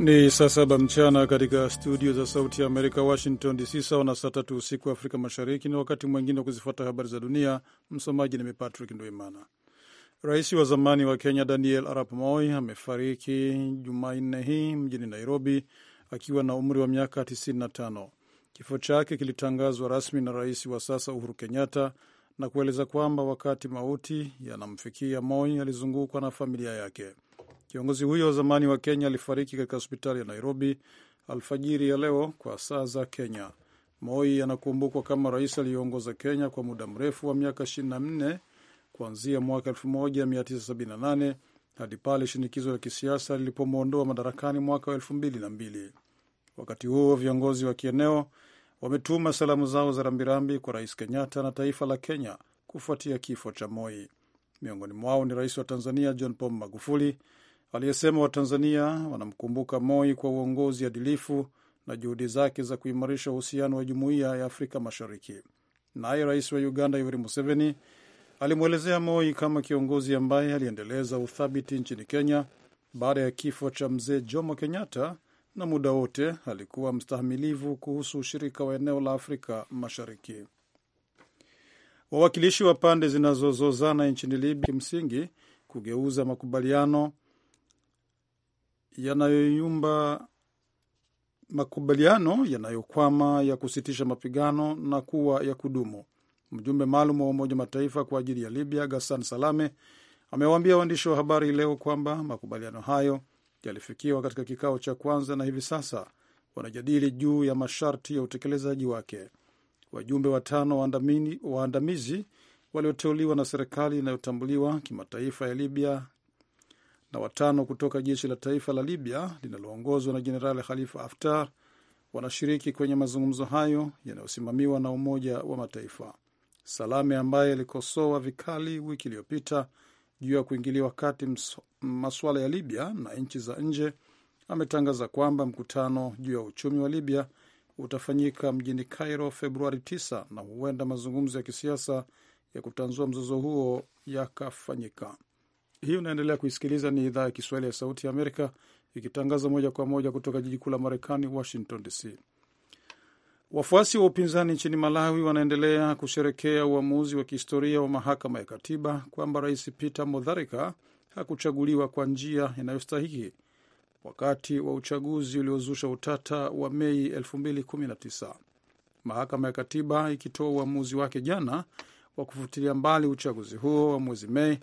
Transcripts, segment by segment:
Ni saa saba mchana katika studio za Sauti ya Amerika, Washington DC, sawa na saa tatu usiku wa Afrika Mashariki. Ni wakati mwingine wa kuzifuata habari za dunia. Msomaji ni mimi Patrick Nduimana. Rais wa zamani wa Kenya Daniel Arap Moi amefariki Jumanne hii mjini Nairobi akiwa na umri wa miaka 95. Kifo chake kilitangazwa rasmi na rais wa sasa Uhuru Kenyatta na kueleza kwamba wakati mauti yanamfikia Moi alizungukwa na familia yake. Kiongozi huyo wa zamani wa Kenya alifariki katika hospitali ya Nairobi alfajiri ya leo kwa saa za Kenya. Moi anakumbukwa kama rais aliyeongoza Kenya kwa muda mrefu wa miaka 24 kuanzia mwaka 1978 hadi pale shinikizo la kisiasa lilipomwondoa madarakani mwaka wa 2002. Wakati huo viongozi wa kieneo wametuma salamu zao za rambirambi kwa rais Kenyatta na taifa la Kenya kufuatia kifo cha Moi. Miongoni mwao ni rais wa Tanzania John Pombe Magufuli aliyesema Watanzania wanamkumbuka Moi kwa uongozi adilifu na juhudi zake za kuimarisha uhusiano wa jumuiya ya Afrika Mashariki. Naye rais wa Uganda Yoweri Museveni alimwelezea Moi kama kiongozi ambaye aliendeleza uthabiti nchini Kenya baada ya kifo cha mzee Jomo Kenyatta, na muda wote alikuwa mstahamilivu kuhusu ushirika wa eneo la Afrika Mashariki. Wawakilishi wa pande zinazozozana nchini Libya kimsingi kugeuza makubaliano yanayoyumba makubaliano yanayokwama ya kusitisha mapigano na kuwa ya kudumu. Mjumbe maalum wa Umoja Mataifa kwa ajili ya Libya Gassan Salame amewaambia waandishi wa habari leo kwamba makubaliano hayo yalifikiwa katika kikao cha kwanza na hivi sasa wanajadili juu ya masharti ya utekelezaji wake. Wajumbe watano waandamizi walioteuliwa na serikali inayotambuliwa kimataifa ya Libya na watano kutoka jeshi la taifa la Libya linaloongozwa na Jenerali Khalifa Haftar wanashiriki kwenye mazungumzo hayo yanayosimamiwa na Umoja wa Mataifa. Salame ambaye alikosoa vikali wiki iliyopita juu ya kuingiliwa kati masuala ya Libya na nchi za nje ametangaza kwamba mkutano juu ya uchumi wa Libya utafanyika mjini Cairo Februari 9 na huenda mazungumzo ya kisiasa ya kutanzua mzozo huo yakafanyika. Hii unaendelea kuisikiliza ni idhaa ya Kiswahili ya Sauti ya Amerika ikitangaza moja kwa moja kutoka jiji kuu la Marekani, Washington DC. Wafuasi wa upinzani nchini Malawi wanaendelea kusherekea uamuzi wa kihistoria wa mahakama ya katiba kwamba Rais Peter Mutharika hakuchaguliwa kwa njia inayostahiki wakati wa uchaguzi uliozusha utata wa Mei 2019, mahakama ya katiba ikitoa uamuzi wake jana wa kufutilia mbali uchaguzi huo wa mwezi Mei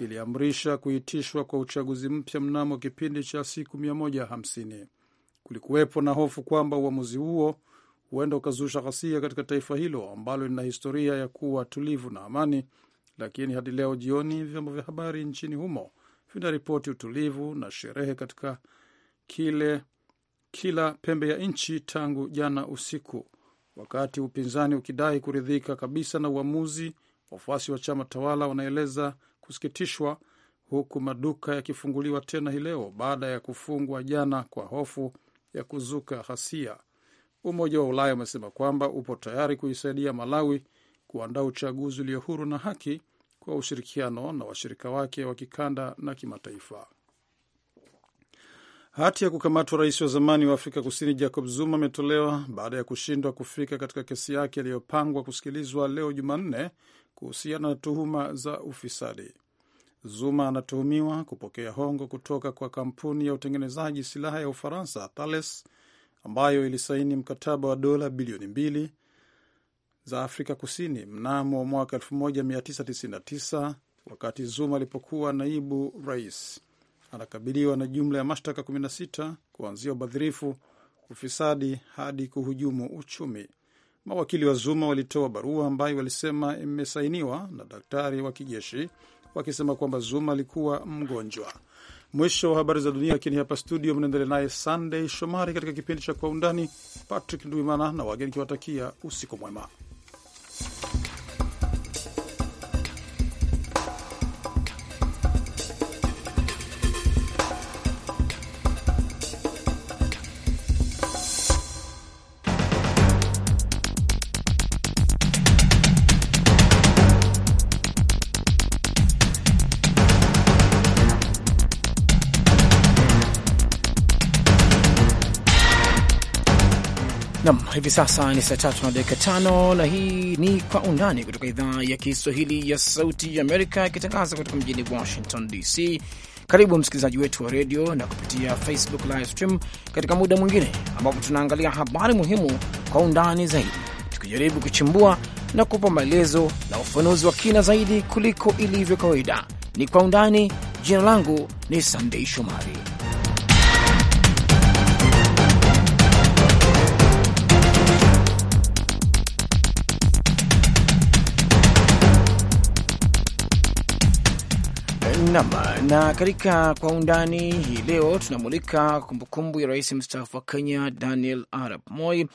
iliamrisha kuitishwa kwa uchaguzi mpya mnamo kipindi cha siku 150. Kulikuwepo na hofu kwamba uamuzi huo huenda ukazusha ghasia katika taifa hilo ambalo lina historia ya kuwa tulivu na amani, lakini hadi leo jioni vyombo vya habari nchini humo vinaripoti utulivu na sherehe katika kile kila pembe ya nchi tangu jana usiku, wakati upinzani ukidai kuridhika kabisa na uamuzi. Wafuasi wa chama tawala wanaeleza kusikitishwa huku maduka yakifunguliwa tena hii leo baada ya kufungwa jana kwa hofu ya kuzuka ghasia. Umoja wa Ulaya umesema kwamba upo tayari kuisaidia Malawi kuandaa uchaguzi ulio huru na haki kwa ushirikiano na washirika wake wa kikanda na kimataifa. Hati ya kukamatwa rais wa zamani wa Afrika Kusini Jacob Zuma ametolewa baada ya kushindwa kufika katika kesi yake iliyopangwa kusikilizwa leo Jumanne kuhusiana na tuhuma za ufisadi. Zuma anatuhumiwa kupokea hongo kutoka kwa kampuni ya utengenezaji silaha ya Ufaransa Thales, ambayo ilisaini mkataba wa dola bilioni mbili za Afrika Kusini mnamo mwaka 1999 wakati Zuma alipokuwa naibu rais. Anakabiliwa na jumla ya mashtaka 16 kuanzia ubadhirifu, ufisadi hadi kuhujumu uchumi. Mawakili wa Zuma walitoa barua ambayo walisema imesainiwa na daktari wa kijeshi wakisema kwamba Zuma alikuwa mgonjwa. Mwisho wa habari za dunia, lakini hapa studio mnaendelea naye sandey Shomari katika kipindi cha Kwa Undani. Patrick Ndwimana na wageni kiwatakia usiku mwema. sasa ni saa tatu na dakika tano na hii ni Kwa Undani kutoka idhaa ya Kiswahili ya Sauti ya Amerika ikitangaza kutoka mjini Washington DC. Karibu msikilizaji wetu wa redio na kupitia Facebook live stream katika muda mwingine ambapo tunaangalia habari muhimu kwa undani zaidi, tukijaribu kuchimbua na kupa maelezo na ufafanuzi wa kina zaidi kuliko ilivyo kawaida. Ni Kwa Undani. Jina langu ni Sandei Shomari. Nam. Na katika kwa undani hii leo tunamulika kumbukumbu ya rais mstaafu wa Kenya Daniel Arap Moi,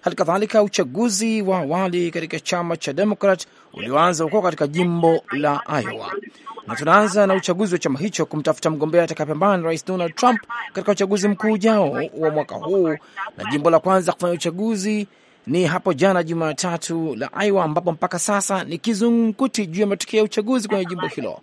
hali kadhalika uchaguzi wa awali katika chama cha Demokrat ulioanza huko katika jimbo la Iowa, na tunaanza na uchaguzi wa chama hicho kumtafuta mgombea atakayepambana na rais Donald Trump katika uchaguzi mkuu ujao wa mwaka huu, na jimbo la kwanza kufanya uchaguzi ni hapo jana Jumatatu la Iowa, ambapo mpaka sasa ni kizungumkuti juu ya matokeo ya uchaguzi kwenye jimbo hilo.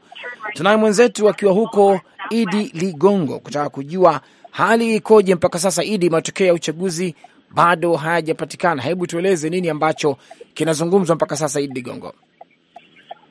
Tunaye mwenzetu akiwa huko Idi Ligongo kutaka kujua hali ikoje mpaka sasa. Idi, matokeo ya uchaguzi bado hayajapatikana, hebu tueleze nini ambacho kinazungumzwa mpaka sasa, Idi Ligongo?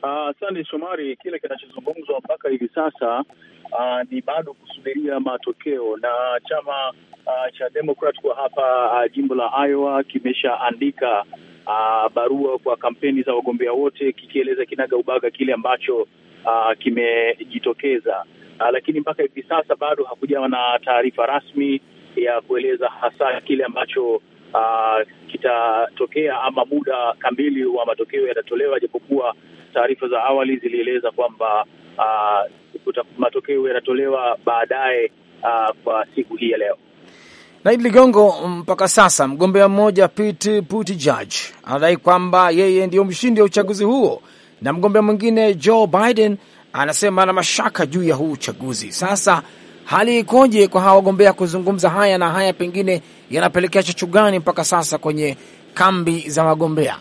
Asante uh, Shomari, kile kinachozungumzwa mpaka hivi sasa uh, ni bado kusubiria matokeo na chama uh, cha Democrat kwa hapa uh, jimbo la Iowa kimeshaandika uh, barua kwa kampeni za wagombea wote kikieleza kinaga ubaga kile ambacho uh, kimejitokeza uh, lakini mpaka hivi sasa bado hakujawa na taarifa rasmi ya kueleza hasa kile ambacho uh, kitatokea ama muda kamili wa matokeo yatatolewa, japokuwa taarifa za awali zilieleza kwamba uh, matokeo yatatolewa baadaye uh, kwa siku hii ya leo. Naid Ligongo, mpaka sasa mgombea mmoja Pete Buttigieg anadai kwamba yeye ndiyo mshindi wa uchaguzi huo na mgombea mwingine Joe Biden anasema ana mashaka juu ya huu uchaguzi. Sasa hali ikoje kwa hawa wagombea kuzungumza haya na haya pengine yanapelekea chachu gani mpaka sasa kwenye kambi za wagombea?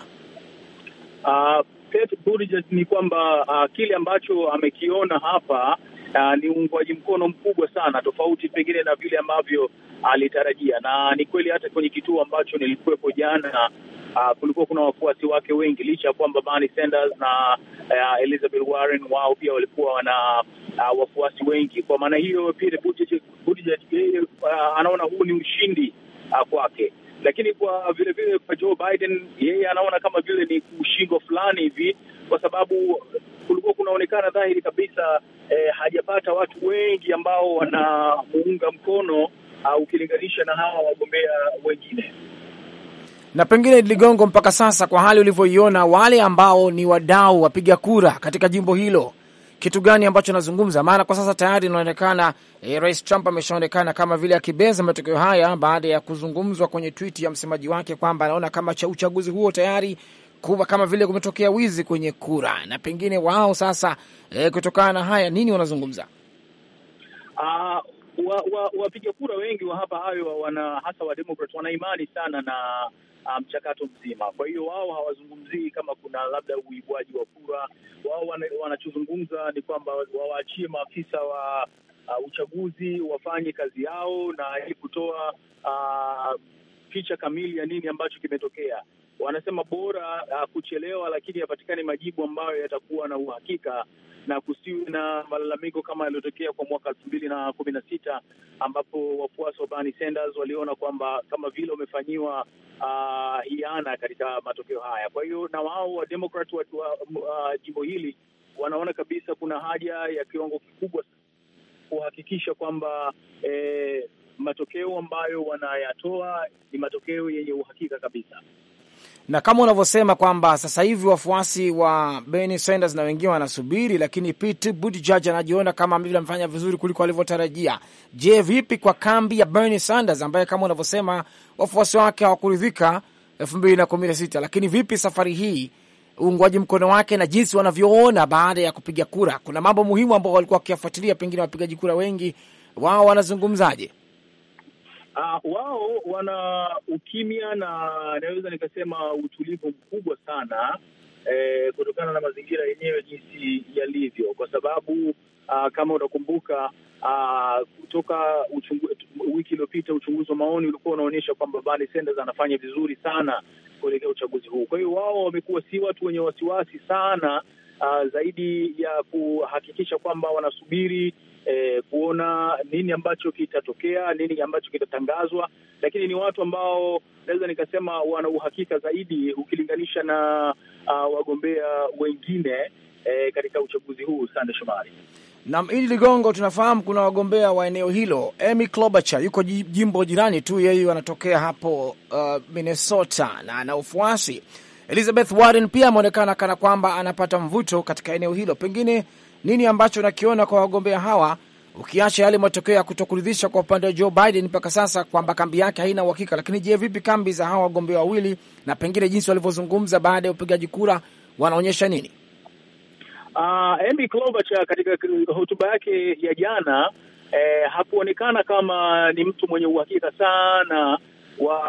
Uh, Pete Buttigieg ni kwamba uh, kile ambacho amekiona hapa ni uungwaji mkono mkubwa sana, tofauti pengine na vile ambavyo alitarajia. Na ni kweli hata kwenye kituo ambacho nilikuwepo jana Uh, kulikuwa kuna wafuasi wake wengi licha ya kwamba Bernie Sanders na uh, Elizabeth Warren wao pia walikuwa wana uh, wafuasi wengi. Kwa maana hiyo Pete Buttigieg yeye uh, ah, anaona huu ni ushindi uh, kwake, lakini kwa vilevile kwa Joe Biden yeye anaona kama vile ni ushingo fulani hivi kwa sababu kulikuwa kunaonekana dhahiri kabisa eh, hajapata watu wengi ambao wanamuunga mkono uh, ukilinganisha na hawa wagombea wengine. Na pengine Ligongo, mpaka sasa kwa hali ulivyoiona, wale ambao ni wadau wapiga kura katika jimbo hilo, kitu gani ambacho nazungumza? Maana kwa sasa tayari inaonekana eh, Rais Trump ameshaonekana kama vile akibeza matokeo haya baada ya kuzungumzwa kwenye twiti ya msemaji wake kwamba anaona kama cha uchaguzi huo tayari kuwa kama vile kumetokea wizi kwenye kura, na pengine wao sasa e, kutokana na haya nini wanazungumza? Uh, ah, wapiga wa, wa kura wengi wa hapa hayo wana hasa wademokrat wana imani sana na ah, mchakato um, mzima. Kwa hiyo wao hawazungumzii kama kuna labda uibwaji wa kura. Wao wanachozungumza wana ni kwamba wawaachie maafisa wa uh, uchaguzi wafanye kazi yao na ili kutoa uh, picha kamili ya nini ambacho kimetokea. Wanasema bora uh, kuchelewa, lakini yapatikane majibu ambayo yatakuwa na uhakika na kusiwe na malalamiko kama yaliyotokea kwa mwaka elfu mbili na kumi na sita ambapo wafuasi wa Bernie Sanders waliona kwamba kama vile wamefanyiwa uh, hiana katika matokeo haya. Kwa hiyo na wao Wademokrat wa, wa uh, jimbo hili wanaona kabisa kuna haja ya kiwango kikubwa kuhakikisha kwamba eh, matokeo ambayo wanayatoa ni matokeo yenye uhakika kabisa, na kama unavyosema kwamba sasa hivi wafuasi wa Bernie Sanders na wengine wanasubiri, lakini Pete Buttigieg anajiona kama vile amefanya vizuri kuliko alivyotarajia. Je, vipi kwa kambi ya Bernie Sanders ambaye kama unavyosema wafuasi wake hawakuridhika elfu mbili na kumi na sita, lakini vipi safari hii uungwaji mkono wake na jinsi wanavyoona baada ya kupiga kura? Kuna mambo muhimu ambao walikuwa wakiyafuatilia, pengine wapigaji kura wengi wao wanazungumzaje? Uh, wao wana ukimya na naweza nikasema utulivu mkubwa sana eh, kutokana na mazingira yenyewe jinsi yalivyo, kwa sababu uh, kama utakumbuka uh, kutoka uchungu, wiki iliyopita uchunguzi wa maoni ulikuwa unaonyesha kwamba Bernie Sanders anafanya vizuri sana kuelekea uchaguzi huu. Kwa hiyo wao wamekuwa si watu wenye wasiwasi sana uh, zaidi ya kuhakikisha kwamba wanasubiri eh, kuona nini ambacho kitatokea, nini ambacho kitatangazwa, lakini ni watu ambao naweza nikasema wana uhakika zaidi ukilinganisha na uh, wagombea wengine eh, katika uchaguzi huu. Sande Shomari. Naam, Idi Ligongo, tunafahamu kuna wagombea wa eneo hilo. Amy Klobuchar yuko jimbo jirani tu, yeye anatokea hapo uh, Minnesota na ana ufuasi. Elizabeth Warren pia ameonekana kana kwamba anapata mvuto katika eneo hilo, pengine nini ambacho unakiona kwa wagombea hawa, ukiacha yale matokeo ya kutokuridhisha kwa upande wa Joe Biden mpaka sasa kwamba kambi yake haina uhakika, lakini je, vipi kambi za hawa wagombea wawili na pengine jinsi walivyozungumza baada ya upigaji kura wanaonyesha nini? Uh, ah, Amy Klobuchar katika hotuba yake ya jana eh, hakuonekana kama ni mtu mwenye uhakika sana wa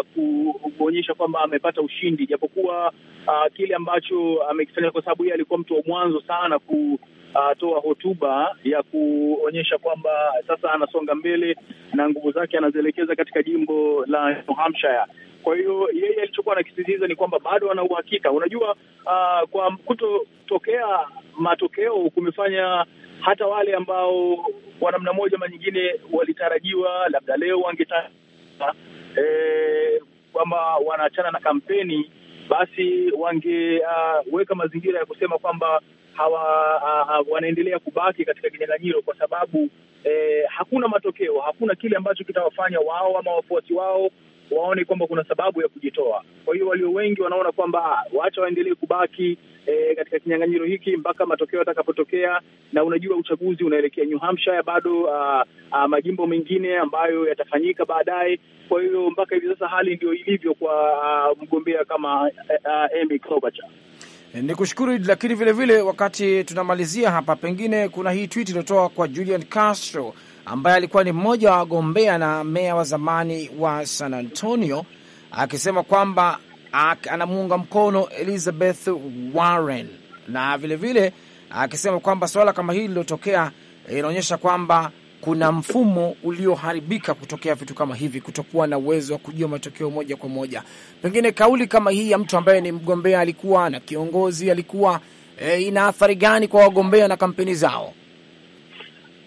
uh, kuonyesha kwamba amepata ushindi, japokuwa uh, kile ambacho amekifanya, kwa sababu yeye alikuwa mtu wa mwanzo sana ku Uh, toa hotuba ya kuonyesha kwamba sasa anasonga mbele na nguvu zake anazielekeza katika jimbo la New Hampshire. Kwa hiyo yeye alichokuwa anakisisitiza ni kwamba bado ana uhakika. Unajua, uh, kwa kutotokea matokeo kumefanya hata wale ambao kwa namna moja ama nyingine walitarajiwa labda leo wangetaka sasa e, kwamba wanaachana na kampeni, basi wangeweka uh, mazingira ya kusema kwamba hawa uh, uh, wanaendelea kubaki katika kinyang'anyiro kwa sababu eh, hakuna matokeo, hakuna kile ambacho kitawafanya wao ama wafuasi wao waone kwamba kuna sababu ya kujitoa. Kwa hiyo walio wengi wanaona kwamba ah, waacha waendelee kubaki e, katika kinyang'anyiro hiki mpaka matokeo yatakapotokea, na unajua uchaguzi unaelekea New Hampshire bado a, ah, a, ah, majimbo mengine ambayo yatafanyika baadaye. Kwa hiyo mpaka hivi sasa hali ndio ilivyo kwa a, mgombea kama Amy Klobuchar. Ni kushukuru lakini vilevile vile, wakati tunamalizia hapa, pengine kuna hii tweet iliyotoa kwa Julian Castro ambaye alikuwa ni mmoja wa wagombea na meya wa zamani wa San Antonio, akisema kwamba anamuunga mkono Elizabeth Warren na vilevile vile, akisema kwamba suala kama hili lilotokea eh, inaonyesha kwamba kuna mfumo ulioharibika kutokea vitu kama hivi, kutokuwa na uwezo wa kujua matokeo moja kwa moja. Pengine kauli kama hii ya mtu ambaye ni mgombea alikuwa na kiongozi alikuwa, e, ina athari gani kwa wagombea na kampeni zao?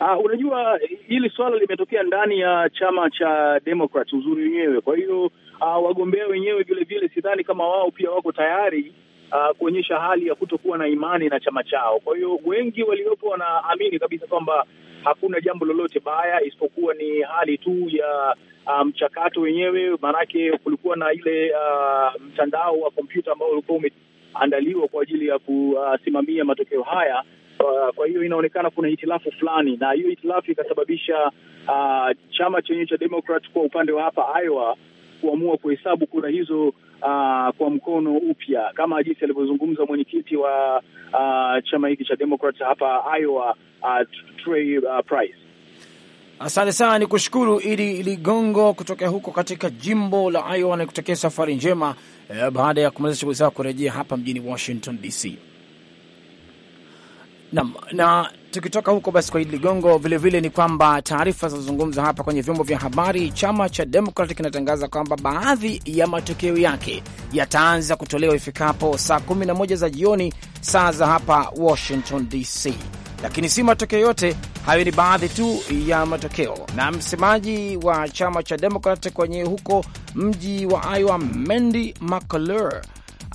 Uh, unajua hili swala limetokea ndani ya chama cha Democrat uzuri wenyewe. Kwa hiyo uh, wagombea wenyewe vile vile sidhani kama wao pia wako tayari uh, kuonyesha hali ya kutokuwa na imani na chama chao. Kwa hiyo wengi waliopo wanaamini kabisa kwamba hakuna jambo lolote baya isipokuwa ni hali tu ya mchakato um, wenyewe. Maanake kulikuwa na ile uh, mtandao wa kompyuta ambao ulikuwa umeandaliwa kwa ajili ya kusimamia matokeo haya Uh, kwa hiyo inaonekana kuna hitilafu fulani, na hiyo hitilafu ikasababisha uh, chama chenye cha Democrat kwa upande wa hapa Iowa kuamua kuhesabu kura hizo uh, kwa mkono upya, kama jinsi alivyozungumza mwenyekiti wa uh, chama hiki cha Democrat hapa Iowa uh, Trey uh, Price. Asante sana, ni kushukuru Idi Ligongo kutoka huko katika jimbo la Iowa, na safari njema eh, baada ya kumaliza shughuli zao kurejea hapa mjini Washington DC. Naam, na tukitoka huko basi kwa Idi Ligongo, vilevile ni kwamba taarifa zinazozungumza hapa kwenye vyombo vya habari, chama cha demokrat kinatangaza kwamba baadhi ya matokeo yake yataanza kutolewa ifikapo saa 11 za jioni, saa za hapa Washington DC, lakini si matokeo yote hayo, ni baadhi tu ya matokeo. Na msemaji wa chama cha Demokrat kwenye huko mji wa Iowa, mendy McClure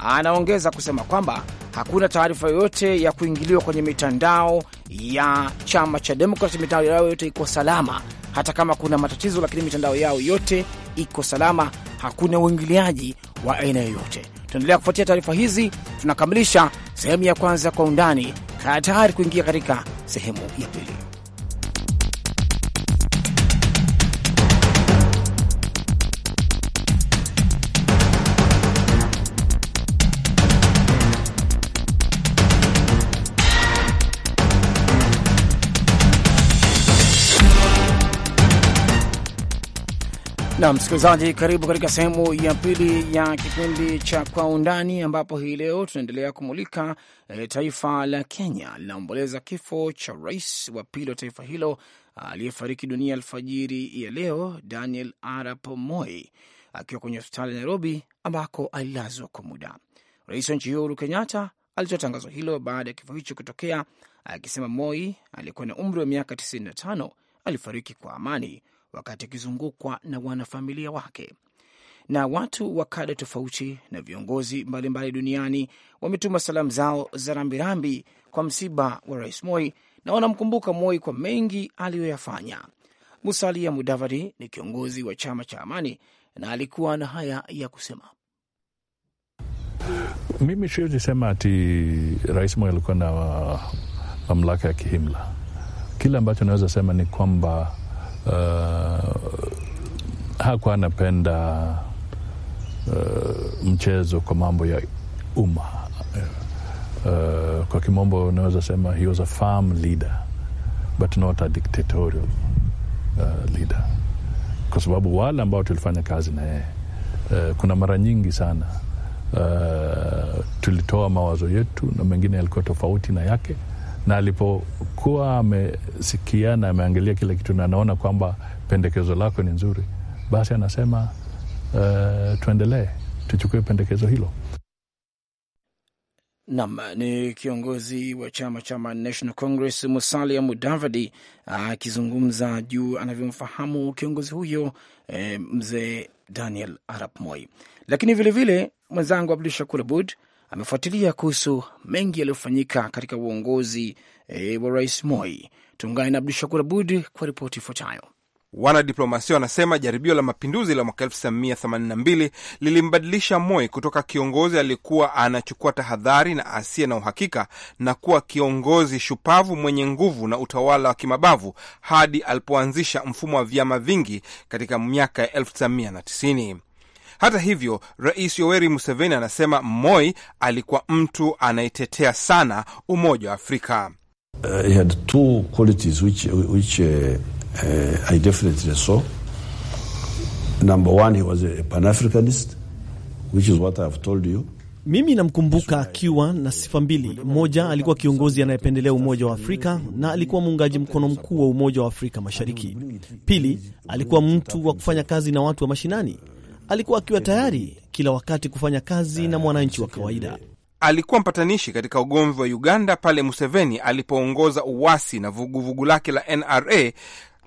Anaongeza kusema kwamba hakuna taarifa yoyote ya kuingiliwa kwenye mitandao ya chama cha Demokrati. Mitandao yao yote iko salama, hata kama kuna matatizo, lakini mitandao yao yote iko salama. Hakuna uingiliaji wa aina yoyote. Tunaendelea kufuatia taarifa hizi. Tunakamilisha sehemu ya kwanza kwa undani, tayari kuingia katika sehemu ya pili. na msikilizaji, karibu katika sehemu ya pili ya kipindi cha Kwa Undani, ambapo hii leo tunaendelea kumulika e, taifa la Kenya linaomboleza kifo cha rais wa pili wa taifa hilo ah, aliyefariki dunia alfajiri ya leo, Daniel Arap Moi, akiwa kwenye hospitali ya Nairobi ambako alilazwa kwa muda. Rais wa nchi hiyo Uhuru Kenyatta alitoa tangazo hilo baada ya kifo hicho kutokea, akisema Moi aliyekuwa na umri wa miaka 95 alifariki kwa amani wakati akizungukwa na wanafamilia wake. Na watu wa kada tofauti na viongozi mbalimbali mbali duniani wametuma salamu zao za rambirambi kwa msiba wa Rais Moi na wanamkumbuka Moi kwa mengi aliyoyafanya. Musalia Mudavadi ni kiongozi wa chama cha Amani na alikuwa na haya ya kusema. Mimi siwezi sema ati Rais Moi alikuwa na mamlaka ya kihimla. Kile ambacho naweza sema ni kwamba uh, hakuwa anapenda uh, mchezo kwa mambo ya umma uh, kwa kimombo unaweza sema he was a farm leader but not a dictatorial uh, leader, kwa sababu wale ambao tulifanya kazi na yeye uh, kuna mara nyingi sana uh, tulitoa mawazo yetu na mengine yalikuwa tofauti na yake na alipokuwa amesikia na ameangalia kile kitu na anaona kwamba pendekezo lako ni nzuri, basi anasema uh, tuendelee, tuchukue pendekezo hilo. Nam ni kiongozi wa chama cha National Congress Musalia Mudavadi akizungumza juu anavyomfahamu kiongozi huyo eh, mzee Daniel Arap Moi. Lakini vilevile mwenzangu Abdu Shakur Abud amefuatilia kuhusu mengi yaliyofanyika katika uongozi e, wa Rais Moi. Tuungane na Abdu Shakur Abud kwa ripoti ifuatayo. Wanadiplomasia wanasema jaribio la mapinduzi la mwaka 1982 lilimbadilisha Moi kutoka kiongozi aliyekuwa anachukua tahadhari na asiye na uhakika na kuwa kiongozi shupavu mwenye nguvu na utawala wa kimabavu hadi alipoanzisha mfumo wa vyama vingi katika miaka ya 1990. Hata hivyo, Rais Yoweri Museveni anasema Moi alikuwa mtu anayetetea sana umoja wa Afrika. Uh, uh, uh, Mimi namkumbuka akiwa na sifa mbili. Mmoja, alikuwa kiongozi anayependelea umoja wa Afrika na alikuwa muungaji mkono mkuu wa umoja wa Afrika Mashariki. Pili, alikuwa mtu wa kufanya kazi na watu wa mashinani alikuwa akiwa tayari kila wakati kufanya kazi na mwananchi wa kawaida. Alikuwa mpatanishi katika ugomvi wa Uganda pale Museveni alipoongoza uwasi na vuguvugu vugu lake la NRA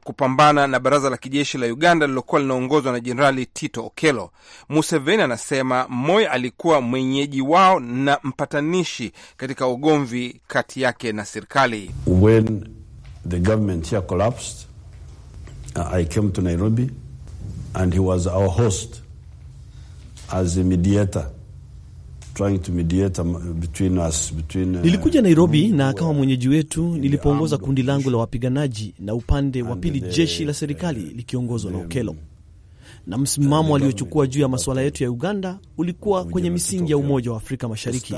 kupambana na baraza la kijeshi la Uganda lilokuwa linaongozwa na Jenerali Tito Okello. Museveni anasema Moi alikuwa mwenyeji wao na mpatanishi katika ugomvi kati yake na serikali. When the government here collapsed, uh, I came to Nairobi and he was our host as a mediator trying to mediate between us between. Uh, nilikuja Nairobi na akawa mwenyeji wetu nilipoongoza kundi langu la wapiganaji na upande wa pili jeshi la serikali likiongozwa na Okello na msimamo aliochukua juu ya masuala yetu ya Uganda ulikuwa kwenye misingi ya umoja wa Afrika Mashariki.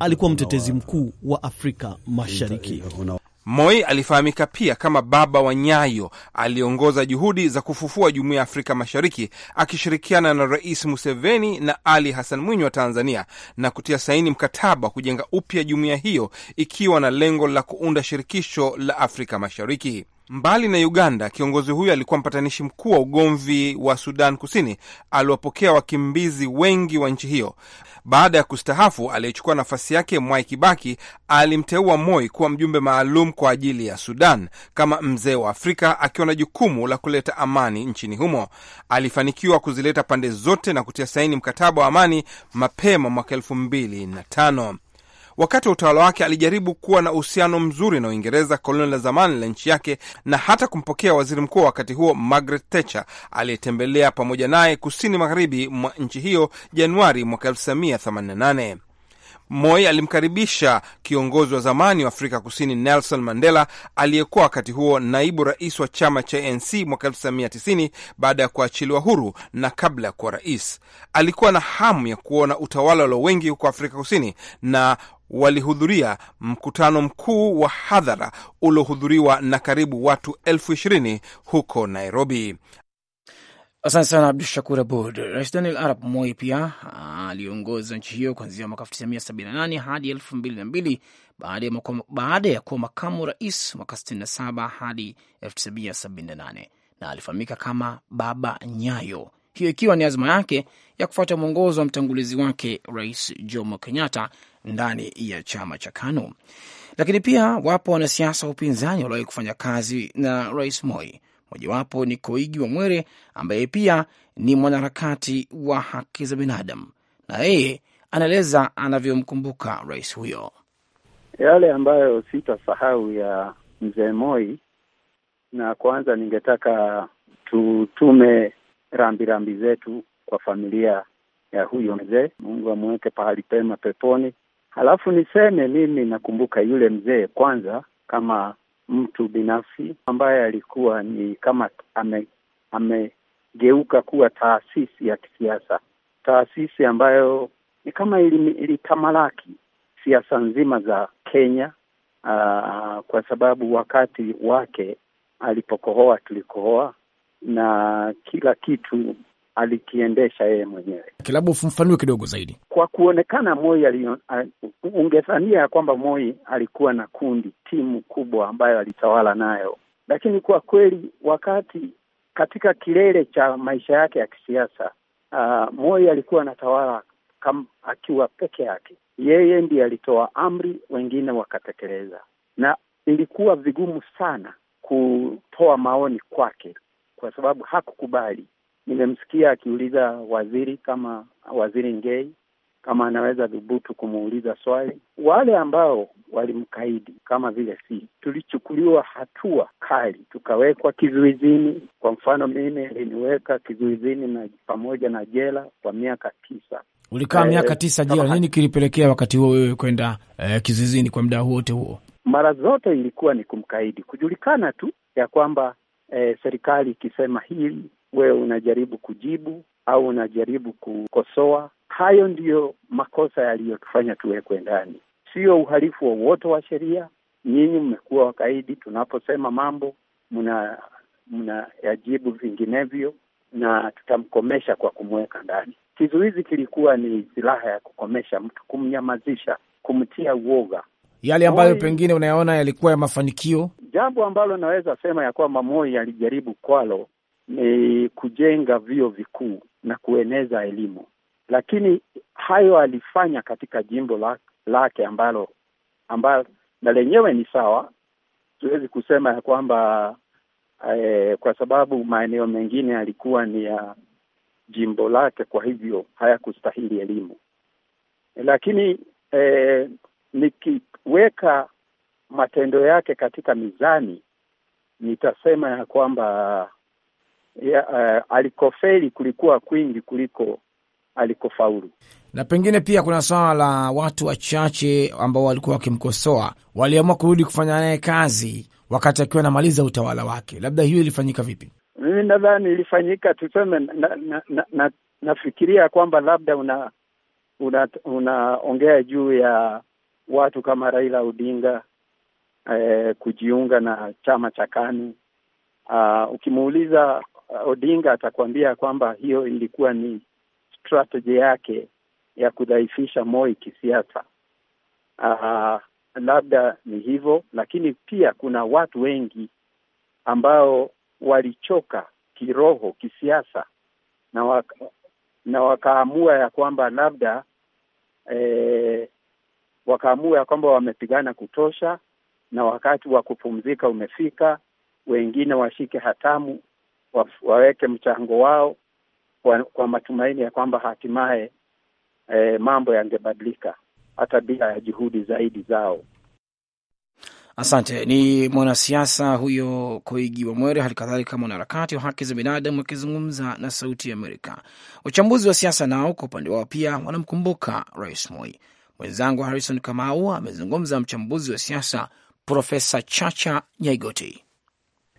Alikuwa mtetezi mkuu wa Afrika Mashariki. Eh, Moi alifahamika pia kama baba wa Nyayo. Aliongoza juhudi za kufufua jumuiya ya Afrika Mashariki akishirikiana na Rais Museveni na Ali Hassan Mwinyi wa Tanzania, na kutia saini mkataba wa kujenga upya jumuiya hiyo ikiwa na lengo la kuunda shirikisho la Afrika Mashariki. Mbali na Uganda, kiongozi huyo alikuwa mpatanishi mkuu wa ugomvi wa Sudan Kusini. Aliwapokea wakimbizi wengi wa nchi hiyo. Baada ya kustahafu, aliyechukua nafasi yake Mwai Kibaki alimteua Moi kuwa mjumbe maalum kwa ajili ya Sudan kama mzee wa Afrika, akiwa na jukumu la kuleta amani nchini humo. Alifanikiwa kuzileta pande zote na kutia saini mkataba wa amani mapema mwaka elfu mbili na tano. Wakati wa utawala wake alijaribu kuwa na uhusiano mzuri na Uingereza, koloni la zamani la nchi yake, na hata kumpokea waziri mkuu wa wakati huo Margaret Thatcher aliyetembelea pamoja naye kusini magharibi mwa nchi hiyo Januari mwaka 1988. Moi alimkaribisha kiongozi wa zamani wa Afrika Kusini Nelson Mandela, aliyekuwa wakati huo naibu rais wa chama cha ANC mwaka 1990 baada ya kuachiliwa huru na kabla ya kuwa rais. Alikuwa na hamu ya kuona utawala walio wengi huko Afrika Kusini na walihudhuria mkutano mkuu wa hadhara uliohudhuriwa na karibu watu elfu ishirini huko Nairobi. Asante sana Abdu Shakur Abud. Rais Daniel Arap Moi pia ah, aliongoza nchi hiyo kuanzia mwaka 1978 hadi 2002 baada ya kuwa makamu rais mwaka 67 hadi 1978 na alifahamika kama Baba Nyayo, hiyo ikiwa ni azma yake ya kufuata mwongozo wa mtangulizi wake Rais Jomo Kenyatta ndani ya chama cha KANU. Lakini pia wapo wanasiasa wa upinzani waliowahi kufanya kazi na Rais Moi mojawapo ni Koigi wa mwere ambaye pia ni mwanaharakati wa haki za binadamu, na yeye anaeleza anavyomkumbuka rais huyo. Yale ambayo sitasahau ya mzee Moi, na kwanza ningetaka tutume rambirambi zetu kwa familia ya huyo mzee. Mungu amweke pahali pema peponi. Halafu niseme mimi nakumbuka yule mzee kwanza kama mtu binafsi ambaye alikuwa ni kama ame, amegeuka kuwa taasisi ya kisiasa, taasisi ambayo ni kama ilitamalaki siasa nzima za Kenya. Aa, kwa sababu wakati wake alipokohoa tulikohoa na kila kitu alikiendesha yeye mwenyewe. Labda ufafanue kidogo zaidi. Kwa kuonekana Moi alion, ya ungedhania kwamba Moi alikuwa na kundi, timu kubwa ambayo alitawala nayo, lakini kwa kweli wakati katika kilele cha maisha yake ya kisiasa uh, Moi alikuwa anatawala kama akiwa peke yake, yeye ndiye alitoa amri, wengine wakatekeleza, na ilikuwa vigumu sana kutoa maoni kwake kwa sababu hakukubali Nimemsikia akiuliza waziri kama waziri Ngei kama anaweza dhubutu kumuuliza swali. Wale ambao walimkaidi kama vile si, tulichukuliwa hatua kali, tukawekwa kizuizini. Kwa mfano, mimi aliniweka kizuizini na pamoja na jela kwa miaka tisa. Ulikaa eh, miaka tisa jela. Nini kilipelekea wakati huo wewe kwenda eh, kizuizini kwa muda wote huo? Mara zote ilikuwa ni kumkaidi, kujulikana tu ya kwamba eh, serikali ikisema hili wewe unajaribu kujibu au unajaribu kukosoa. Hayo ndiyo makosa yaliyotufanya tuwekwe ndani, sio uhalifu wowote wa, wa sheria. Nyinyi mmekuwa wakaidi, tunaposema mambo mna mnayajibu vinginevyo, na tutamkomesha kwa kumweka ndani. Kizuizi kilikuwa ni silaha ya kukomesha mtu, kumnyamazisha, kumtia uoga. Yale ambayo Moi, pengine unayaona yalikuwa ya mafanikio, jambo ambalo naweza sema ya kwamba Moi alijaribu kwalo ni kujenga vyuo vikuu na kueneza elimu, lakini hayo alifanya katika jimbo la, lake ambalo ambalo na lenyewe ni sawa. Siwezi kusema ya kwamba eh, kwa sababu maeneo mengine yalikuwa ni ya jimbo lake, kwa hivyo hayakustahili elimu, lakini eh, nikiweka matendo yake katika mizani nitasema ya kwamba ya, uh, alikofeli kulikuwa kwingi kuliko alikofaulu. Na pengine pia kuna swala la watu wachache ambao walikuwa wakimkosoa, waliamua kurudi kufanya naye kazi wakati akiwa anamaliza utawala wake. Labda hiyo ilifanyika vipi? Mimi nadhani ilifanyika tuseme, na, na, na, na, nafikiria kwamba labda una unaongea una juu ya watu kama Raila Odinga eh, kujiunga na chama cha KANU. Uh, ukimuuliza uh, Odinga atakwambia kwamba hiyo ilikuwa ni strategy yake ya kudhaifisha Moi kisiasa. Uh, labda ni hivyo, lakini pia kuna watu wengi ambao walichoka kiroho kisiasa na waka, na wakaamua ya kwamba labda eh, wakaamua ya kwamba wamepigana kutosha na wakati wa kupumzika umefika, wengine washike hatamu waweke mchango wao kwa, kwa matumaini ya kwamba hatimaye eh, mambo yangebadilika hata bila ya juhudi zaidi zao. Asante. Ni mwanasiasa huyo Koigi Mwere, hali kadhalika mwanaharakati wa haki za binadamu akizungumza na Sauti ya Amerika. Wachambuzi wa siasa nao kwa upande wao pia wanamkumbuka Rais Moi. Mwenzangu Harrison Kamau amezungumza mchambuzi wa siasa Profesa Chacha Nyaigoti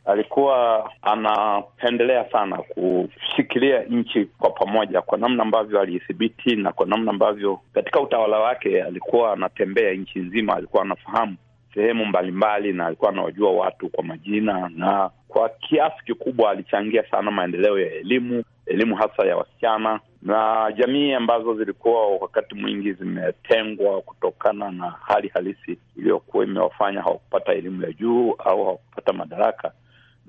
alikuwa anapendelea sana kushikilia nchi kwa pamoja, kwa namna ambavyo aliithibiti na kwa namna ambavyo katika utawala wake alikuwa anatembea nchi nzima, alikuwa anafahamu sehemu mbalimbali na alikuwa anawajua watu kwa majina, na kwa kiasi kikubwa alichangia sana maendeleo ya elimu, elimu hasa ya wasichana na jamii ambazo zilikuwa wakati mwingi zimetengwa kutokana na hali halisi iliyokuwa imewafanya hawakupata elimu ya juu au hawakupata madaraka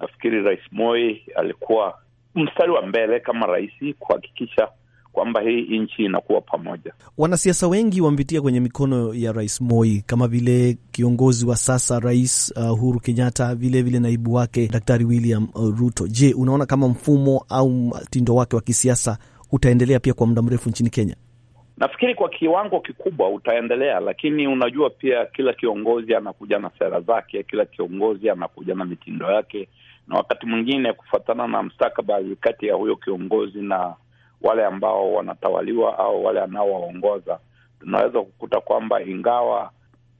nafikiri Rais Moi alikuwa mstari wa mbele kama rais kuhakikisha kwamba hii nchi inakuwa pamoja. Wanasiasa wengi wamepitia kwenye mikono ya Rais Moi kama vile kiongozi wa sasa Rais uh, Uhuru Kenyatta, vilevile naibu wake Daktari William uh, Ruto. Je, unaona kama mfumo au mtindo wake wa kisiasa utaendelea pia kwa muda mrefu nchini Kenya? Nafikiri kwa kiwango kikubwa utaendelea, lakini unajua pia kila kiongozi anakuja na sera zake, kila kiongozi anakuja na mitindo yake, na wakati mwingine kufuatana na mstakabali kati ya huyo kiongozi na wale ambao wanatawaliwa au wale anaowaongoza, tunaweza kukuta kwamba ingawa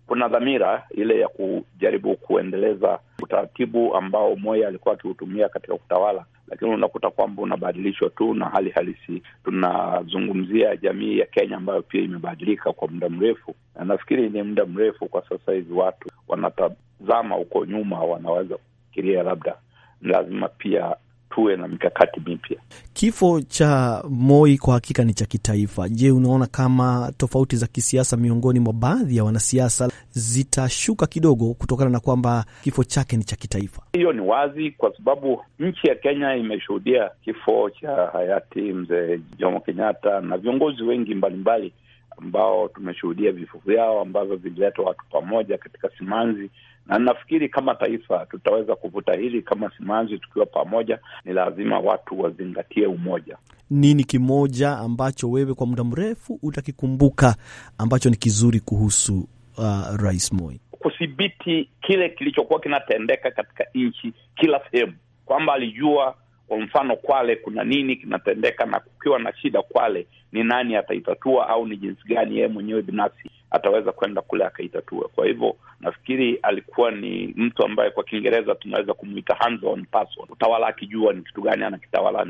kuna dhamira ile ya kujaribu kuendeleza utaratibu ambao Moi alikuwa akiutumia katika kutawala lakini unakuta kwamba unabadilishwa tu na hali halisi. Tunazungumzia jamii ya Kenya ambayo pia imebadilika kwa muda mrefu, na nafikiri ni muda mrefu kwa sasa hivi watu wanatazama huko nyuma, wanaweza kufikiria labda lazima pia tuwe na mikakati mipya. Kifo cha Moi kwa hakika ni cha kitaifa. Je, unaona kama tofauti za kisiasa miongoni mwa baadhi ya wanasiasa zitashuka kidogo kutokana na kwamba kifo chake ni cha kitaifa? Hiyo ni wazi, kwa sababu nchi ya Kenya imeshuhudia kifo cha hayati mzee Jomo Kenyatta na viongozi wengi mbalimbali ambao tumeshuhudia vifo vyao ambavyo vilileta watu pamoja katika simanzi na nafikiri kama taifa tutaweza kuvuta hili kama simanzi tukiwa pamoja. Ni lazima watu wazingatie umoja. Nini kimoja ambacho wewe kwa muda mrefu utakikumbuka ambacho ni kizuri kuhusu uh, Rais Moi? Kudhibiti kile kilichokuwa kinatendeka katika nchi kila sehemu, kwamba alijua kwa mfano Kwale kuna nini kinatendeka, na kukiwa na shida Kwale ni nani ataitatua au ni jinsi gani yeye mwenyewe binafsi ataweza kwenda kule akaitatua. Kwa hivyo nafikiri alikuwa ni mtu ambaye kwa Kiingereza tunaweza kumwita hands on person, utawala akijua ni kitu gani anakitawala.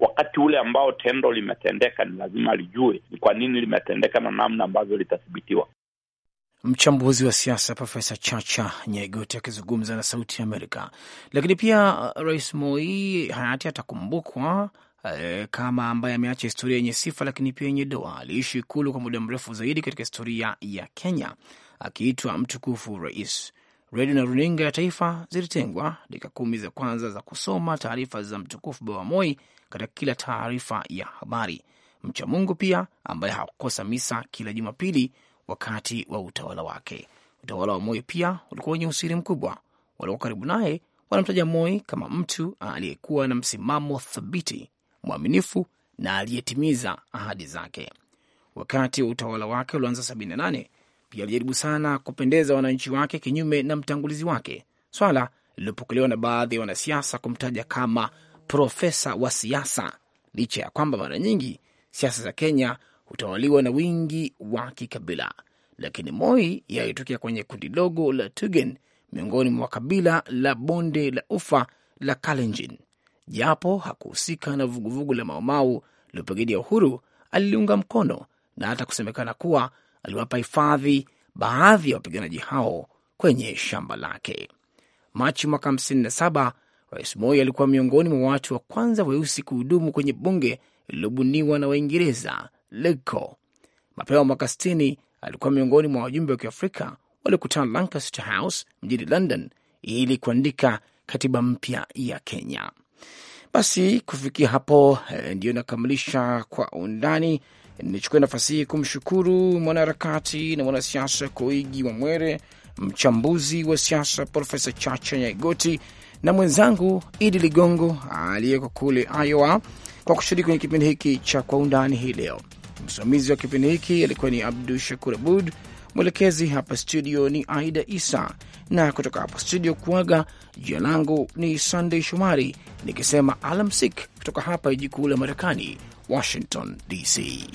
Wakati ule ambao tendo limetendeka, ni lazima alijue ni kwa nini limetendeka na namna ambavyo litathibitiwa. Mchambuzi wa siasa Profesa Chacha Nyaigoti akizungumza na Sauti ya Amerika. Lakini pia uh, Rais Moi hayati atakumbukwa e, kama ambaye ameacha historia yenye sifa lakini pia yenye doa. Aliishi ikulu kwa muda mrefu zaidi katika historia ya Kenya, akiitwa mtukufu rais. Redio na runinga ya taifa zilitengwa dakika kumi za kwanza za kusoma taarifa za mtukufu Baba Moi katika kila taarifa ya habari. Mcha Mungu pia ambaye hakukosa misa kila Jumapili wakati wa utawala wake. Utawala wa Moi pia ulikuwa wenye usiri mkubwa. Waliokuwa karibu naye wanamtaja Moi kama mtu aliyekuwa na msimamo thabiti mwaminifu na aliyetimiza ahadi zake. Wakati wa utawala wake ulioanza 78 pia alijaribu sana kupendeza wananchi wake, kinyume na mtangulizi wake, swala lililopokelewa na baadhi ya wanasiasa kumtaja kama profesa wa siasa, licha ya kwamba mara nyingi siasa za Kenya hutawaliwa na wingi wa kikabila. Lakini Moi yalitokea kwenye kundi dogo la Tugen miongoni mwa kabila la bonde la ufa la Kalenjin japo hakuhusika na vuguvugu la Maumau lililopigania uhuru, aliliunga mkono na hata kusemekana kuwa aliwapa hifadhi baadhi ya wapiganaji hao kwenye shamba lake. Machi mwaka 57 Rais Moi alikuwa miongoni mwa watu wa kwanza weusi kuhudumu kwenye bunge lililobuniwa na Waingereza, LEGCO. Mapema mwaka 60 alikuwa miongoni mwa wajumbe wa kiafrika waliokutana Lancaster House mjini London ili kuandika katiba mpya ya Kenya. Basi kufikia hapo eh, ndio nakamilisha kwa undani. Nichukue nafasi hii kumshukuru mwanaharakati na mwanasiasa Koigi mwere mchambuzi wa siasa Profesa Chacha Nyaigoti na mwenzangu Idi Ligongo aliyeko kule Iowa kwa kushiriki kwenye kipindi hiki cha Kwa Undani hii leo. Msimamizi wa kipindi hiki alikuwa ni Abdu Shakur Abud. Mwelekezi hapa studio ni Aida Isa, na kutoka hapa studio kuaga, jina langu ni sandey Shomari nikisema alamsik kutoka hapa jiji kuu la Marekani, Washington DC.